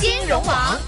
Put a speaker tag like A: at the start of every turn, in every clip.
A: 金融王。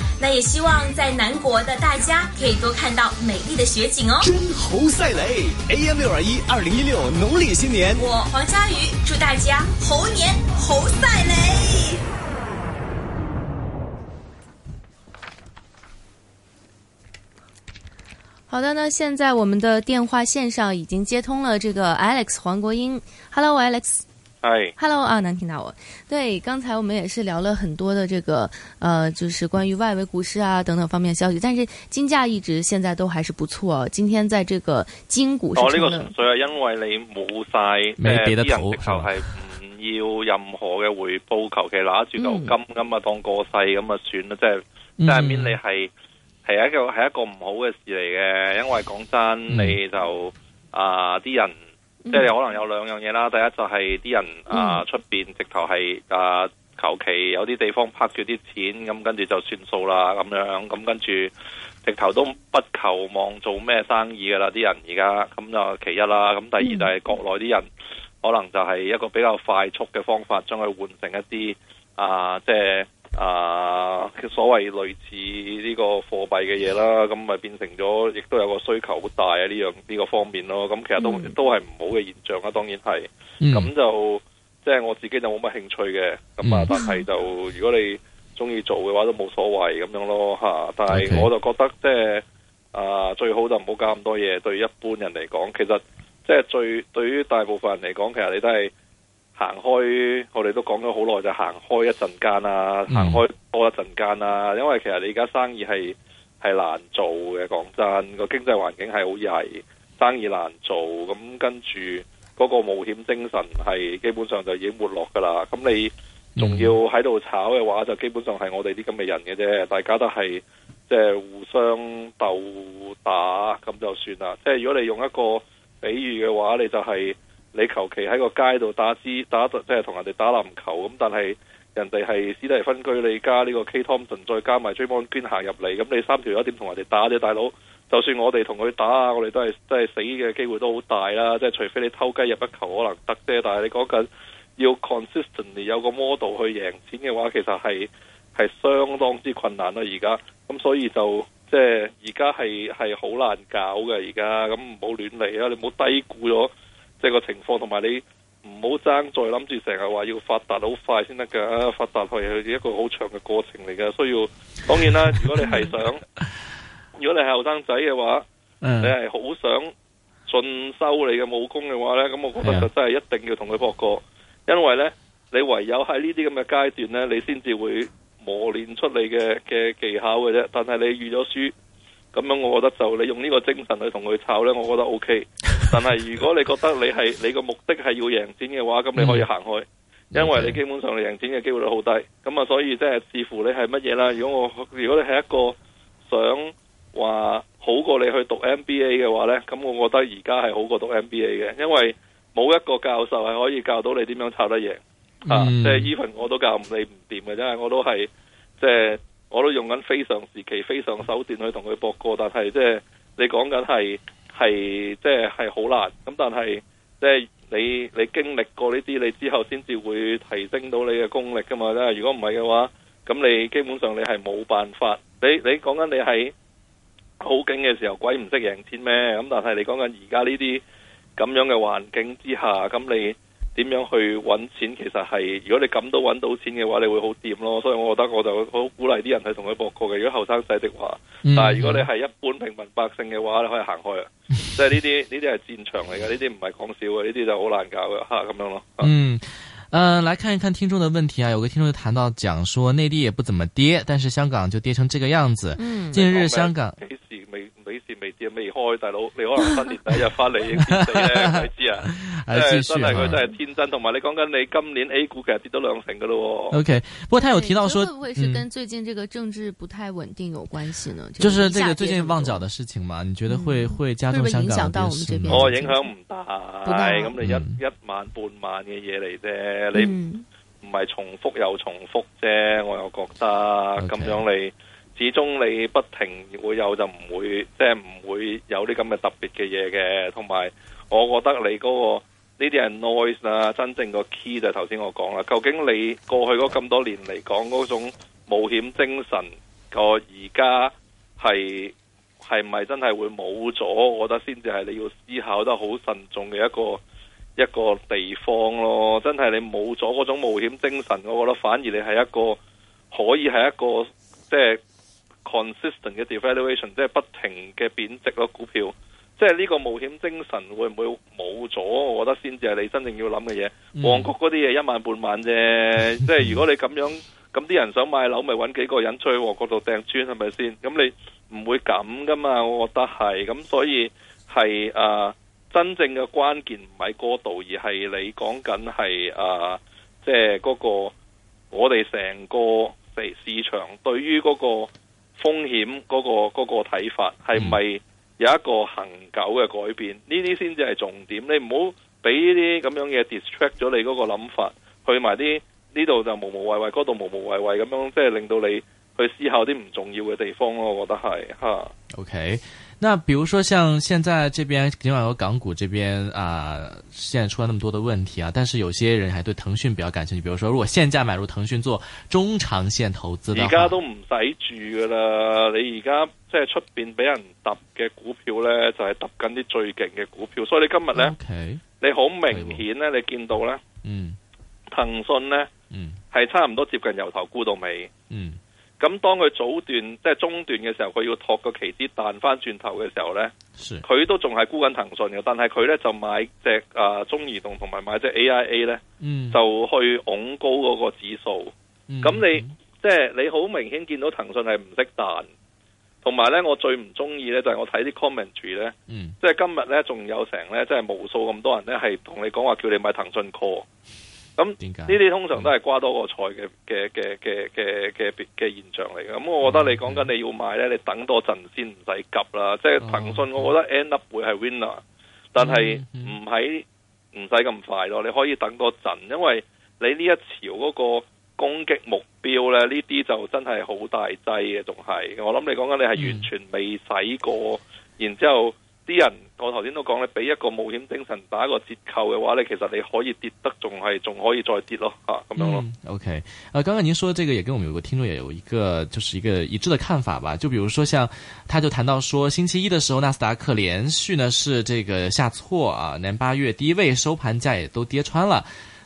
A: 那也希望在南國的大家可以多看到美麗的雪景哦。真猴賽雷！AM 六二一，二零一六農曆新年，我黃佳瑜祝大家猴年猴賽雷。好的呢，那現在我們的電話線上已經接通了，這個 Alex 黃國英，Hello，Alex。Hello, Alex. 係，Hello 啊，能聽到我？對，剛才我們也是聊了很多的這個，呃，就是關於外圍股市啊等等方面消息。但是金價一直現在都還是不錯、啊，今天在這個金股市哦呢、這個，純
B: 粹係因為你冇晒，你啲人直頭係唔要任何嘅回報求，嗯、求其攞住嚿金咁啊、嗯、當過世咁啊算啦，即係但係面你係係一個係一個唔好嘅事嚟嘅，因為講真，嗯、你就啊啲、呃、人。即係、嗯、可能有兩樣嘢啦，第一就係啲人啊出邊、嗯、直頭係啊求其有啲地方拍住啲錢，咁跟住，就算數啦咁樣，咁跟住直頭都不求望做咩生意噶啦，啲人而家咁，就其一啦，咁第二就係國內啲人可能就係一個比較快速嘅方法，將佢換成一啲啊即係。就是啊，所謂類似呢個貨幣嘅嘢啦，咁咪變成咗，亦都有個需求好大啊、呢個！呢樣呢個方面咯，咁其實都、嗯、都係唔好嘅現象啦，當然係。咁、嗯、就即係、就係、我自己就冇乜興趣嘅，咁、嗯、啊，但係就如果你中意做嘅話，都冇所謂咁樣咯吓。但係我就覺得即係 Okay. 啊，最好就唔好搞咁多嘢，對一般人嚟講，其實即係、就係、最對於大部分人嚟講，其實你都係。行開，我哋都講咗好耐，就行開一陣間啦，行、嗯、開多一陣間啦。因為其實你而家生意係係難做嘅，講真，個經濟環境係好曳，生意難做。咁跟住嗰個冒險精神係基本上就已經沒落噶啦。咁你仲要喺度炒嘅話，就基本上係我哋啲咁嘅人嘅啫。大家都係即係互相鬥打咁就算啦。即係如果你用一個比喻嘅話，你就係、是。你求其喺個街度打支打，即係同人哋打籃球咁，但係人哋係史蒂芬居里加呢個 Klay Thompson，再加埋 J 邦捐行入嚟，咁你三條友點同人哋打啫？大佬，就算我哋同佢打，我哋都係真係死嘅機會都好大啦。即係除非你偷雞入一球可能得啫，但係你講緊要 consistently 有個 model 去贏錢嘅話，其實係係相當之困難咯，啊。而家咁，所以就即係而家係係好難搞嘅。而家咁唔好亂嚟啊！你唔好低估咗。即係個情況，同埋你唔好爭，再諗住成日話要發達好快先得噶。啊，發達係係一個好長嘅過程嚟嘅，所以要。當然啦，如果你係想， 如果你係後生仔嘅話，嗯、你係好想進修你嘅武功嘅話呢，咁我覺得就真係一定要同佢搏過。嗯、因為呢，你唯有喺呢啲咁嘅階段呢，你先至會磨練出你嘅嘅技巧嘅啫。但係你預咗輸，咁樣我覺得就你用呢個精神去同佢炒呢，我覺得 O、OK、K。但係如果你覺得你係你個目的係要贏錢嘅話，咁你可以行開，嗯、因為你基本上你贏錢嘅機會率好低。咁啊，所以即係視乎你係乜嘢啦。如果我如果你係一個想話好過你去讀 MBA 嘅話呢，咁我覺得而家係好過讀 MBA 嘅，因為冇一個教授係可以教到你點樣炒得贏、嗯、啊。即係 even 我都教唔你唔掂嘅，真係我都係即係我都用緊非常時期、非常手段去同佢搏過，但係即係你講緊係。係即係好難，咁但係即係你你經歷過呢啲，你之後先至會提升到你嘅功力噶嘛？因為如果唔係嘅話，咁你基本上你係冇辦法。你你講緊你係好勁嘅時候，鬼唔識贏錢咩？咁但係你講緊而家呢啲咁樣嘅環境之下，咁你。點樣去揾錢？其實係如果你咁都揾到錢嘅話，你會好掂咯。所以我覺得我就好鼓勵啲人去同佢搏過嘅，如果後生仔的話，但係如果你係一般平民百姓嘅話，你可以行開啊。即係呢啲呢啲係戰場嚟嘅，呢啲唔係講笑嘅，呢啲就好難搞嘅吓咁樣
C: 咯。嗯，嗯、呃，來看一看聽眾嘅問題啊。有個聽眾就談到講說，內地也不怎麼跌，但是香港就跌成這個樣子。嗯，近日香港。
B: 幾時未跌未開，大佬你可能新年第一日發嚟應天死咧，知啊！真係真係佢真係天真。同埋你講緊你今年 A 股其實跌咗兩成噶咯。OK，
C: 不過他有提到說，
A: 會唔會是跟最近這個政治不太穩定有關係呢？就是這個最近
C: 旺角的事情嘛，你覺得會會加重影響到
B: 我們這邊？哦，影響唔大，唔大咁你一一萬半萬嘅嘢嚟啫，你唔係重複又重複啫，我又覺得咁樣你。始終你不停會有就唔會，即係唔會有啲咁嘅特別嘅嘢嘅。同埋，我覺得你嗰個呢啲係 noise 啊，真正個 key 就頭先我講啦。究竟你過去嗰咁多年嚟講嗰種冒險精神個而家係係咪真係會冇咗？我覺得先至係你要思考得好慎重嘅一個一個地方咯。真係你冇咗嗰種冒險精神，我覺得反而你係一個可以係一個即係。就是 consistent 嘅 devaluation，即係不停嘅貶值咯，股票，即係呢個冒險精神會唔會冇咗？我覺得先至係你真正要諗嘅嘢。旺角嗰啲嘢一萬半萬啫，嗯、即係如果你咁樣，咁啲人想買樓咪揾幾個人出去旺角度掟磚係咪先？咁你唔會咁噶嘛？我覺得係，咁所以係，誒、啊、真正嘅關鍵唔係過度，而係你講緊係誒即係嗰個我哋成個市市場對於嗰個。風險嗰個嗰個睇法係咪有一個恒久嘅改變？呢啲先至係重點。你唔好俾呢啲咁樣嘅 distract 咗你嗰個諗法，去埋啲呢度就無無謂謂，嗰度無無謂謂咁樣，即係令到你。去思考啲唔重要嘅地方咯，我覺得係吓。啊、o、
C: okay, K，那比如說像現在這邊，今晚有港股這邊啊、呃，現在出了那麼多的問題啊，但是有些人還對騰訊比較感興趣。比如說，如果現價買入騰訊做中長線投資的，而家
B: 都唔使住噶啦。你而家即係出邊俾人揼嘅股票咧，就係揼緊啲最勁嘅股票，所以你今日咧，okay，你好明顯咧，okay. 你見到咧，嗯，騰訊咧，嗯，係差唔多接近由頭沽到尾，嗯。咁當佢早段即係中段嘅時候，佢要托個旗啲彈翻轉頭嘅時候呢，佢是都仲係沽緊騰訊嘅。但係佢呢，就買隻、呃、中移動同埋買隻 AIA 呢，嗯、就去拱高嗰個指數。咁、嗯、你即係、就是、你好明顯見到騰訊係唔識彈，同埋呢，我最唔中意呢，就係、是、我睇啲 commentary 呢，嗯、即係今日呢，仲有成呢，即係無數咁多人呢，係同你講話叫你買騰訊 call。咁呢啲通常都係瓜多個菜嘅嘅嘅嘅嘅嘅現象嚟嘅，咁我覺得你講緊你要買呢,你等多陣先唔使急啦。即係騰訊，我覺得 end up 會係 winner，但係唔喺唔使咁快咯，你可以等多陣，因為你呢一朝嗰個攻擊目標呢，呢啲就真係好大劑嘅，仲係我諗你講緊你係完全未使過，嗯、然之後。啲人我頭先都講你俾一個冒險精神打一個折扣嘅話咧，其實你可以跌得仲係仲可以再跌咯嚇
C: 咁、啊、樣咯。嗯、OK，啊、呃，剛剛您說這個也跟我們有個聽眾也有一個就是一個一致的看法吧？就比如說像，他就談到說星期一的時候，納斯達克連續呢是這個下挫啊，年八月低位收盤價也都跌穿了。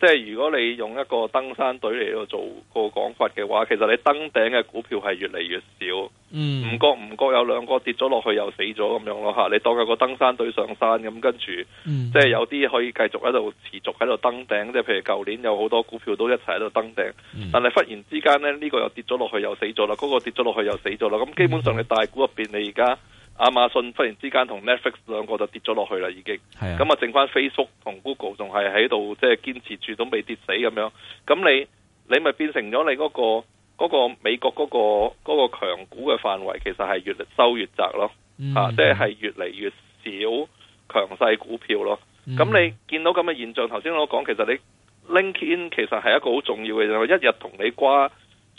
B: 即係如果你用一個登山隊嚟到做個講法嘅話，其實你登頂嘅股票係越嚟越少，唔覺唔覺有兩個跌咗落去又死咗咁樣咯吓。你當有個登山隊上山咁，跟住、嗯、即係有啲可以繼續喺度持續喺度登頂，即係譬如舊年有好多股票都一齊喺度登頂，嗯、但係忽然之間咧呢、呢個又跌咗落去又死咗啦，嗰、嗰個跌咗落去又死咗啦。咁基本上你大股入邊你而家。亞馬遜忽然之間同 Netflix 兩個就跌咗落去啦，已經。咁啊，剩翻 Facebook 同 Google 仲係喺度，即係堅持住都未跌死咁樣。咁你你咪變成咗你嗰個嗰個美國嗰個嗰個強股嘅範圍，其實係越嚟收越窄咯。嗯哼。嚇、啊，即係越嚟越少強勢股票咯。嗯哼。咁你見到咁嘅現象，頭先我講其實你 LinkedIn 其實係一個好重要嘅，就係一日同你瓜。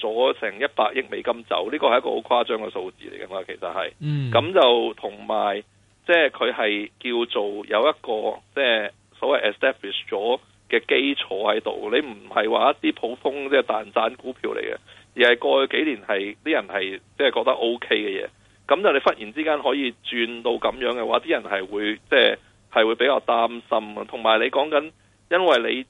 B: 咗成一百億美金走，呢、這個係一個好誇張嘅數字嚟㗎嘛，其實係。咁、嗯、就同埋，即係佢係叫做有一個即係所謂 establish 咗嘅基礎喺度。你唔係話一啲普通即係蛋散股票嚟嘅，而係過去幾年係啲人係即係覺得 OK 嘅嘢。咁就你忽然之間可以轉到咁樣嘅話，啲人係會即係係會比較擔心啊。同埋你講緊，因為你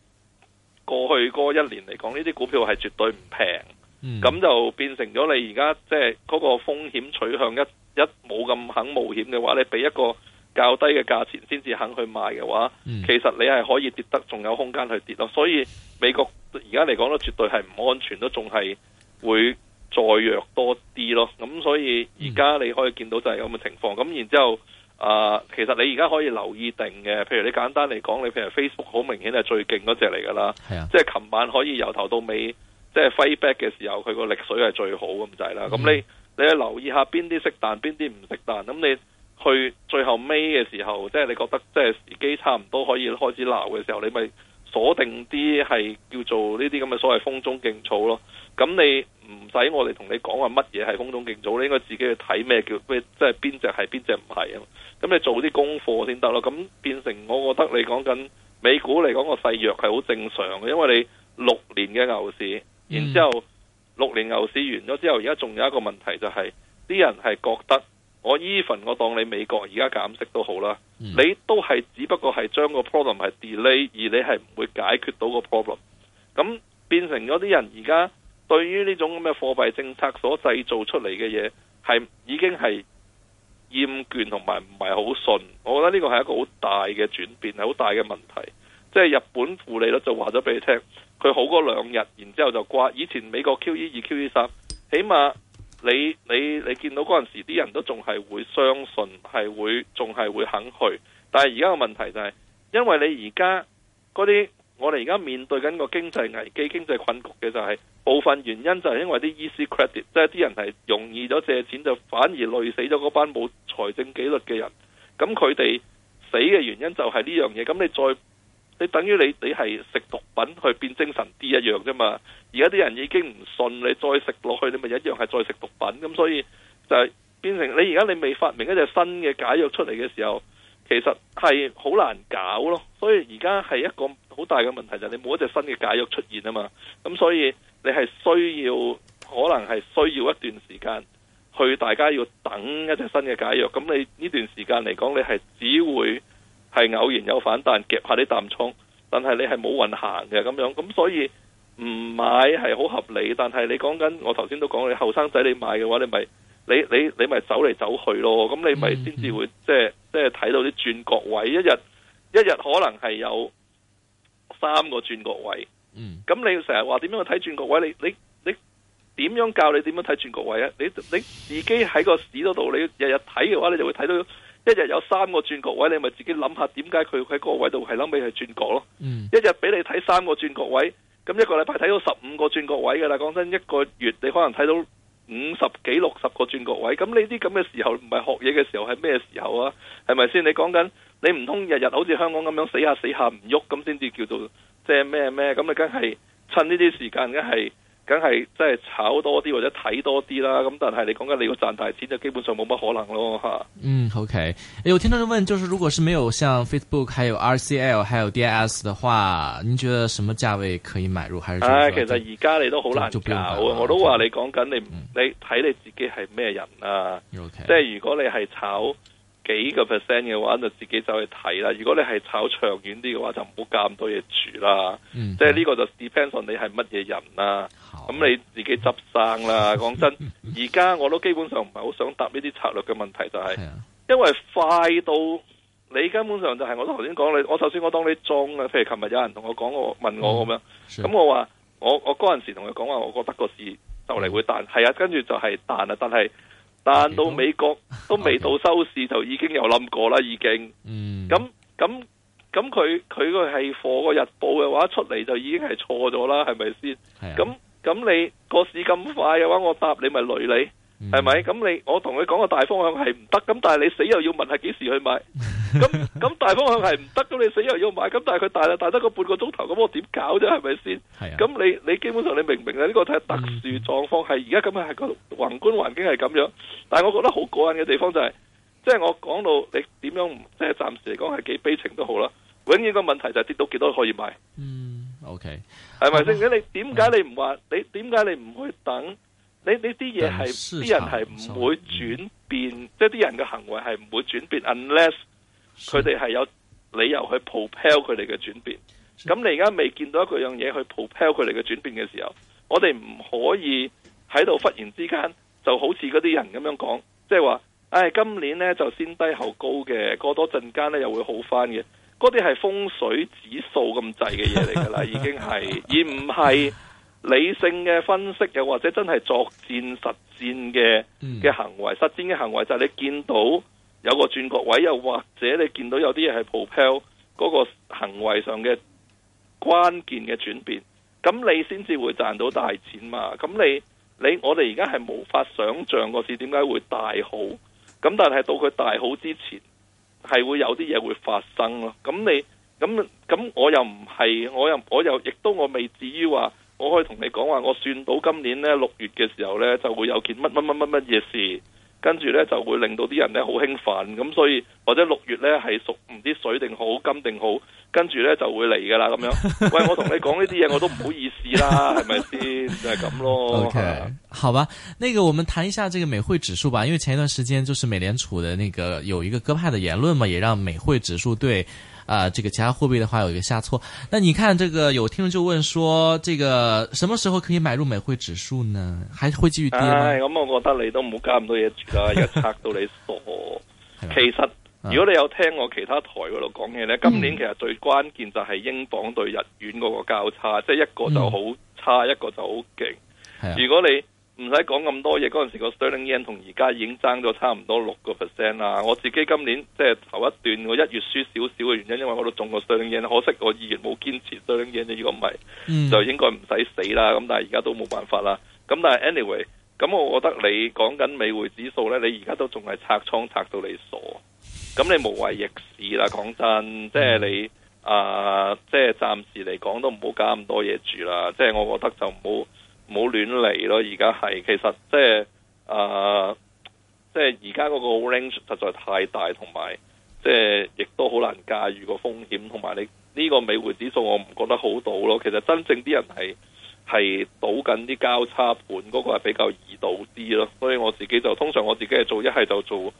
B: 過去嗰一年嚟講，呢啲股票係絕對唔平。咁、嗯、就變成咗你而家即係嗰個風險取向，一一冇咁肯冒險嘅話，你俾一個較低嘅價錢先至肯去買嘅話，嗯、其實你係可以跌得仲有空間去跌咯。所以美國而家嚟講都絕對係唔安全，都仲係會再弱多啲咯。咁所以而家你可以見到就係咁嘅情況。咁然之後、呃、其實你而家可以留意定嘅，譬如你簡單嚟講，你譬如 Facebook 好明顯係最勁嗰隻嚟㗎啦，即係琴晚可以由頭到尾。即係 fight back 嘅時候，佢個力水係最好咁滯啦。咁你你去留意下邊啲識彈，邊啲唔識彈。咁你去最後尾嘅時候，即係你覺得即係時機差唔多可以開始鬧嘅時候，你咪鎖定啲係叫做呢啲咁嘅所謂風中勁草咯。咁你唔使我哋同你講話乜嘢係風中勁草，你應該自己去睇咩叫咩，即係邊隻係邊隻唔係啊。咁你做啲功課先得咯。咁變成我覺得你講緊美股嚟講個細弱係好正常，因為你六年嘅牛市。然之後，六年牛市完咗之後，而家仲有一個問題就係、是，啲人係覺得我 even 我當你美國而家減息都好啦，嗯、你都係只不過係將個 problem 係 delay，而你係唔會解決到個 problem。咁變成咗啲人而家對於呢種咁嘅貨幣政策所製造出嚟嘅嘢，係已經係厭倦同埋唔係好信。我覺得呢個係一個好大嘅轉變，係好大嘅問題。即係日本負利率就話咗俾你聽。佢好過兩日，然之後就掛。以前美國 QE 二、e、QE 三，起碼你你你見到嗰陣時啲人都仲係會相信，係會仲係會肯去。但係而家嘅問題就係、是，因為你而家嗰啲我哋而家面對緊個經濟危機、經濟困局嘅就係、是、部分原因就係因為啲 easy credit，即係啲人係容易咗借錢，就反而累死咗嗰班冇財政紀律嘅人。咁佢哋死嘅原因就係呢樣嘢。咁你再。你等於你你係食毒品去變精神啲一樣啫嘛，而家啲人已經唔信你，再食落去你咪一樣係再食毒品，咁所以就係變成你而家你未發明一隻新嘅解藥出嚟嘅時候，其實係好難搞咯。所以而家係一個好大嘅問題就係你冇一隻新嘅解藥出現啊嘛，咁所以你係需要可能係需要一段時間去大家要等一隻新嘅解藥，咁你呢段時間嚟講你係只會。係偶然有反彈，夾下啲淡倉，但係你係冇運行嘅咁樣，咁所以唔買係好合理。但係你講緊我頭先都講，你後生仔你買嘅話，你咪你你你咪走嚟走去咯。咁你咪先至會、嗯嗯、即係即係睇到啲轉角位，一日一日可能係有三個轉角位。咁、嗯、你成日話點樣去睇轉角位？你你你點樣教你點樣睇轉角位啊？你你自己喺個市嗰度，你日日睇嘅話，你就會睇到。一日有三個轉角位，你咪自己諗下點解佢喺嗰個位度係諗起係轉角咯。嗯、一日俾你睇三個轉角位，咁一個禮拜睇到十五個轉角位㗎喇。講真，一個月你可能睇到五十幾六十個轉角位。咁你啲咁嘅時候唔係學嘢嘅時候係咩時候啊？係咪先？你講緊你唔通日日好似香港咁樣死下死下唔喐咁先至叫做即係咩咩？咁、就是、你梗係趁呢啲時間，梗係。梗係即係炒多啲或者睇多啲啦，咁但係你講緊你要賺大錢就基本上冇乜可能咯吓。
C: 嗯，OK。有我聽到人問，就是如果是沒有像 Facebook、還有 RCL，還有 DIS 的話，你覺得什麼價位可以買入？還是就就其實而
B: 家你都好難搞就唔會。我都話你講緊你，嗯、你睇你自己係咩人啊？okay. 即係如果你係炒。幾個 percent 嘅話，就自己走去睇啦。如果你係炒長遠啲嘅話，就唔好加咁多嘢住啦。嗯、即係呢個就 depends on 你係乜嘢人啊。咁好你自己執生啦。講 真，而家我都基本上唔係好想答呢啲策略嘅問題、就是，就係、啊、因為快到你根本上就係我頭先講你。我首先我當你中啊，譬如琴日有人同我講我問我咁樣，咁是、嗯、我話我我嗰陣時同佢講話，我覺得個市就嚟會彈，係、嗯、啊，跟住就係彈啊，但係。但到美國都未到收市就已經有諗過啦，已經嗯。嗯，咁咁咁佢佢個係貨個日報嘅話出嚟就已經係錯咗啦，係咪先？咁咁係、啊、你個市咁快嘅話我是是、嗯，我答你咪累你係咪？咁你我同佢講個大方向係唔得，咁但係你死又要問係幾時去買？咁咁 大方向係唔得，咁你死又要，要買，咁但係佢大啦，大得個半個鐘頭，咁我點搞啫？係咪先？係啊。 咁你你基本上你明唔明啊？呢、這個睇特殊狀況，係而家咁樣係個宏觀環境係咁樣。但係我覺得好過癮嘅地方就係、是，即、就、係、是、我講到你點樣，即係暫時嚟講係幾悲情都好啦。永遠個問題就係跌到幾多可以買。
C: 嗯，OK，
B: 係咪先？咁 你點解你唔話？你點解你唔去 等？你呢啲嘢係啲人係唔會轉變，嗯、即係啲人嘅行為係唔會轉變，unless。佢哋係有理由去 propel 佢哋嘅轉變，咁你而家未見到一個樣嘢去 propel 佢哋嘅轉變嘅時候，我哋唔可以喺度忽然之間就好似嗰啲人咁樣講，即係話，唉，今年呢就先低後高嘅，過多陣間呢又會好翻嘅，嗰啲係風水指數咁滯嘅嘢嚟噶啦，已經係，而唔係理性嘅分析又或者真係作戰實戰嘅嘅行為，實戰嘅行為就係你見到。有個轉角位，又或者你見到有啲嘢係 propel 嗰個行為上嘅關鍵嘅轉變，咁你先至會賺到大錢嘛。咁你你我哋而家係無法想像個市點解會大好，咁但係到佢大好之前係會有啲嘢會發生咯。咁你咁咁我又唔係，我又我又亦都我未至於話，我可以同你講話，我算到今年呢六月嘅時候呢，就會有件乜乜乜乜乜嘢事。跟住呢就會令到啲人呢好興奮，咁所以或者六月呢係屬唔知水定好金定好，跟住呢就會嚟噶啦咁樣。 喂，我同你講呢啲嘢我都唔好意思啦，係咪先？就係、是、咁咯。OK，吧
C: 好吧，那個我們談一下這個美匯指數吧，因為前一段時間就是美聯儲的那個有一個鴿派的言論嘛，也讓美匯指數對。啊、呃，這個其他貨幣的話有一個下挫，那你看這個有聽眾就問說，這個什麼時候可以買入美匯指數呢？還會繼續跌？
B: 咁、哎、我覺得你都唔好加咁多嘢啦，而家拆到你傻。吧其實如果你有聽我其他台嗰度講嘢咧，啊、今年其實最關鍵就係英鎊對日元嗰個交叉，即係、嗯、一個就好差，嗯、一個就好勁。啊、如果你唔使講咁多嘢，嗰陣時個 stirling yen 同而家已經爭咗差唔多六個 percent 啦。我自己今年即係、就是、頭一段我一月輸少少嘅原因，因為我都中過 stirling yen，可惜我二月冇堅持 stirling yen 如果唔係，就應該唔使死啦。咁但係而家都冇辦法啦。咁但係 anyway，咁我覺得你講緊美匯指數呢，你而家都仲係拆倉拆到你傻。咁你無謂逆市啦，講真，即、就、係、是、你啊，即係暫時嚟講都唔好搞咁多嘢住啦。即、就、係、是、我覺得就唔好。唔好亂嚟咯，而家係其實即係啊，即係而家嗰個 range 實在太大，同埋即係亦都好難駕馭個風險，同埋你呢、這個美匯指數我唔覺得好賭咯。其實真正啲人係係賭緊啲交叉盤嗰、那個係比較易賭啲咯。所以我自己就通常我自己係做一係就做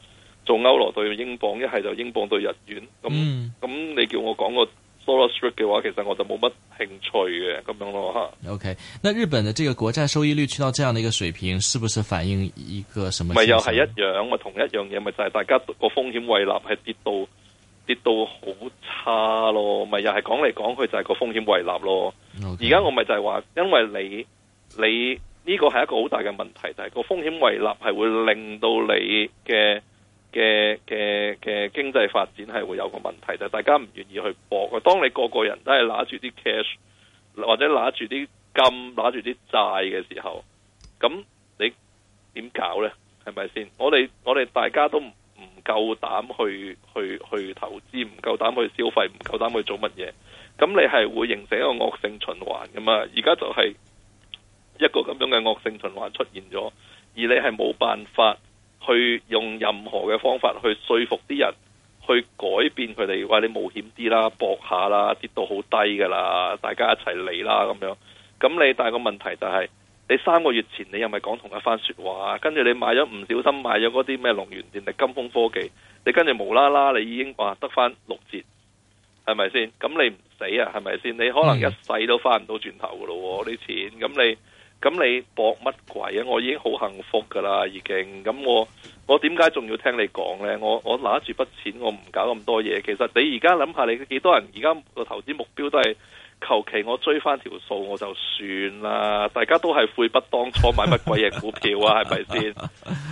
B: 做歐羅對英鎊，一係就英鎊對日元。咁咁、嗯、你叫我講個？s o r Street 嘅話，其實我就冇乜興趣嘅咁樣咯吓。O、
C: okay. K，那日本的這個國債收益率去到這樣的一個水平，是不是反映一個什麼？咪又係一
B: 樣，我同一樣嘢咪就係、是、大家個風險胃納係跌到跌到好差咯，咪又係講嚟講去就係個風險胃納咯。而家 Okay. 我咪就係話，因為你你呢、這個係一個好大嘅問題，就係個風險胃納係會令到你嘅。嘅嘅嘅經濟發展係會有個問題，就是、大家唔願意去搏。當你個個人都係拿住啲 cash，或者拿住啲金、拿住啲債嘅時候，咁你點搞呢？係咪先？我哋我哋大家都唔夠膽去去去投資，唔夠膽去消費，唔夠膽去做乜嘢？咁你係會形成一個惡性循環㗎嘛？而家就係一個咁樣嘅惡性循環出現咗，而你係冇辦法，去用任何嘅方法去說服啲人去改變佢哋，話、哎、你冒險啲啦，搏下啦，跌到好低噶啦，大家一齊嚟啦咁樣。咁你大個問題就係、是，你三個月前你又咪講同一番說話，跟住你買咗唔小心買咗嗰啲咩龍源電力、金風科技，你跟住無啦啦你已經話得翻六折，係咪先？咁你唔死啊？係咪先？你可能一世都返唔到轉頭噶咯？啲、嗯、錢咁你。咁你搏乜鬼啊？我已經好幸福噶啦，已經咁我我點解仲要聽你講呢？我我拿住筆錢，我唔搞咁多嘢。其實你而家諗下，你幾多人而家個投資目標都係求其我追翻條數我就算啦。大家都係悔不當初買乜鬼嘢股票啊？係咪先？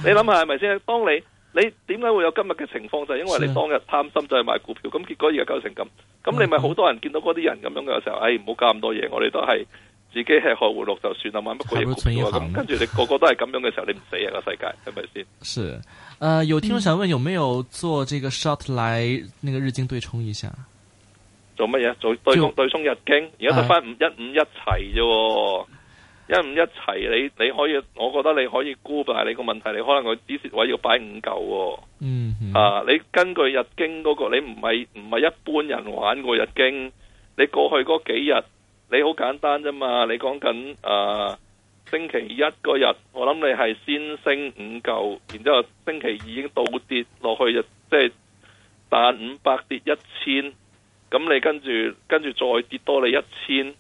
B: 你諗下係咪先？當你你點解會有今日嘅情況？就係、是、因為你當日貪心就係買股票，咁的結果而家搞成咁。咁你咪好多人見到嗰啲人咁樣嘅時候， 哎，唔好搞咁多嘢，我哋都係。自己係學活六就算啦，玩乜鬼嘢，跟住你個個都係咁樣嘅時候，你唔死啊、這個世界係咪先？是，
C: 是，誒、呃，有聽友想問，有沒有做這個 short 來那個日經對沖一下？
B: 做乜嘢？做對沖？對沖就日經？而家得翻五一五、哎、一齊啫，一五一齊、哦，你你可以，我覺得你可以沽但係你個問題，你可能佢 dc 位要擺五嚿、哦。
C: 嗯
B: 哼啊，你根據日經嗰、那個，你唔係唔係一般人玩個日經，你過去嗰幾日。你好簡單啫嘛！你講緊誒星期一嗰日，我諗你係先升五舊，然之後星期二已經倒跌落去就即係彈五百跌一千，咁你跟住跟住再跌多你一千，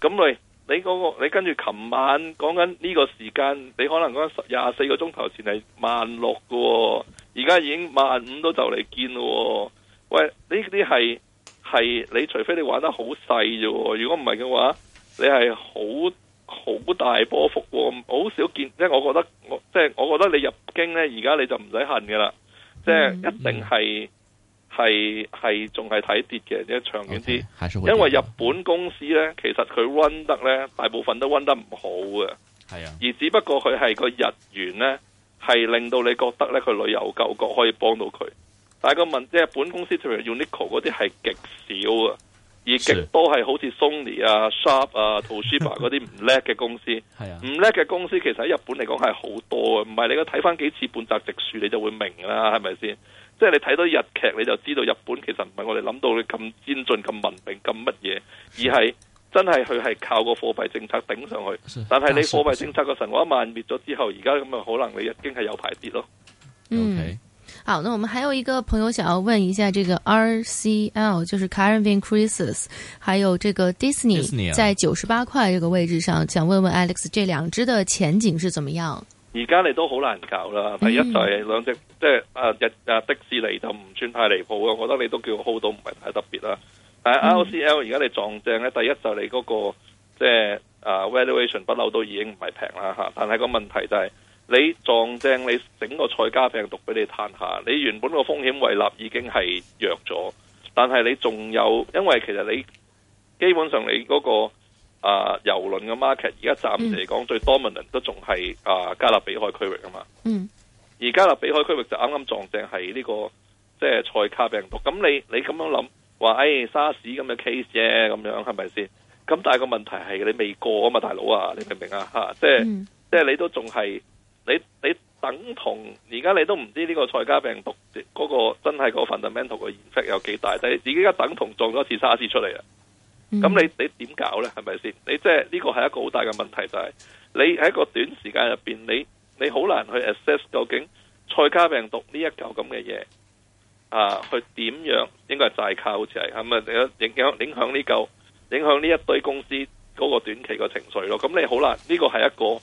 B: 咁你你嗰、嗰個你跟住琴晚講緊呢個時間，你可能講緊十廿四個鐘頭前係萬六㗎喎，而家已經萬五都就嚟見咯喎！喂，呢啲係。係，你除非你玩得好細啫。如果唔係嘅話，你係好好大波幅，喔，好少見。即係我覺得，我即係我覺得你入京呢，而家你就唔使恨㗎啦。嗯、即係一定係係係仲係睇跌嘅，即係長遠啲。Okay, 因為日本公司呢，嗯、其實佢 run 得呢，大部分都 run 得唔好嘅。係啊，而只不過佢係個日元呢，係令到你覺得呢，佢旅遊救國可以幫到佢。但係個問即係本公司譬如 Uniqlo 嗰啲係極少極啊，而極多係好似 sony 啊、Sharp 啊、Toshiba 嗰啲唔叻嘅公司。係啊，唔叻嘅公司其實喺日本嚟講係好多啊，唔係你個睇翻幾次半澤直樹你就會明啦，係咪先？即係你睇到日劇你就知道日本其實唔係我哋諗到你咁先進、咁文明、咁乜嘢，而係真係佢係靠個貨幣政策頂上去。但係你貨幣政策個神話一萬滅咗之後，而家咁啊可能你已經係有排跌咯。嗯。
C: Okay.
A: 好，那我們還有一個朋友想要問一下，這個 RCL 就是 Caribbean Crisis，還有這個 Dis ney, Disney、啊、在九十八塊這個位置上，想問問 Alex，這兩隻的前景是怎麼樣？
B: 而家你都好難搞啦，第一就係兩隻，嗯、即係啊日啊迪士尼就唔算太離譜啊，我覺得你都叫 hold 到唔係太特別啦。但係 RCL 而家你撞正咧，第一就係你嗰、那個即係啊 valuation 不嬲都已經唔係平啦吓，但係個問題就係、是。你撞正你整個寨卡病毒俾你攤下，你原本個風險胃納已經係弱咗，但係你仲有，因為其實你基本上你嗰個啊郵輪嘅 market 而家暫時嚟講最 dominant 都仲係啊加勒比海區域啊嘛。而加勒比海區域就啱啱撞正係呢個即係寨卡病毒。咁你你咁樣諗話，哎沙士咁嘅 case 啫，咁樣係咪先？咁但係個問題係你未過啊嘛，大佬啊，你明唔明啊？嚇，即係，即係即係你都仲係。你你等同而家你都唔知呢個菜瓜病毒嗰個真係個 fundamental 嘅 effect 有幾大？但係自己而家等同撞咗次沙士出嚟啊，咁你你點搞咧？係咪先？你即係呢個係一個好大嘅問題，就係你喺個短時間入邊，你你好難去 assess 究竟菜瓜病毒呢一嚿咁嘅嘢啊，去點樣應該係債靠好似係咁啊？影響影響呢嚿，影響呢一堆公司嗰個短期嘅情緒咯。咁你好難呢個係一個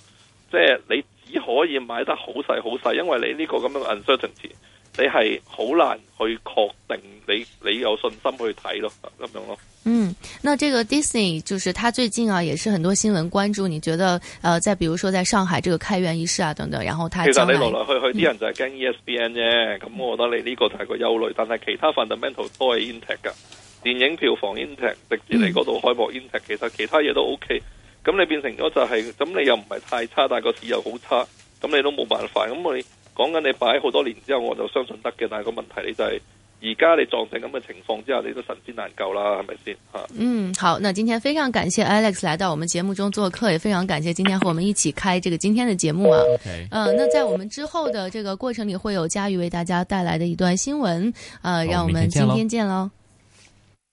B: 即係你。只可以買得好細好細，因為你呢個咁樣嘅 uncertainty 你係好難去確定你你有信心去睇咯，咁樣咯。嗯，
A: 那這個 Disney 就是他最近啊，也是很多新聞關注。你覺得，呃，再比如說在上海這個開園儀式啊等等，然後他來其實你來來
B: 去去啲人就係驚 ESPN 啫。咁、嗯、我覺得你呢個太過憂慮，但係其他 fundamental 都係 intact 噶，電影票房 intact，直至你嗰度開幕 intact，、嗯、其實其他嘢都 OK。咁你變成咗就係，咁你又唔係太差，但係個市又好差，咁你都冇辦法。咁我講緊你擺好多年之後，我就相信得嘅。但係個問題你就係，而家你撞成咁嘅情況之下，你都神仙難救啦，係咪先？吓。嗯，好。那
A: 今天非常感謝 Alex 來到我們節目中做客，也非常感謝今天和我們一起開這個今天的節目啊。嗯 Okay.、呃，那在我們之後的這個過程裏會有嘉玉為大家帶來的一段新聞。啊、呃，讓我們今天見咯。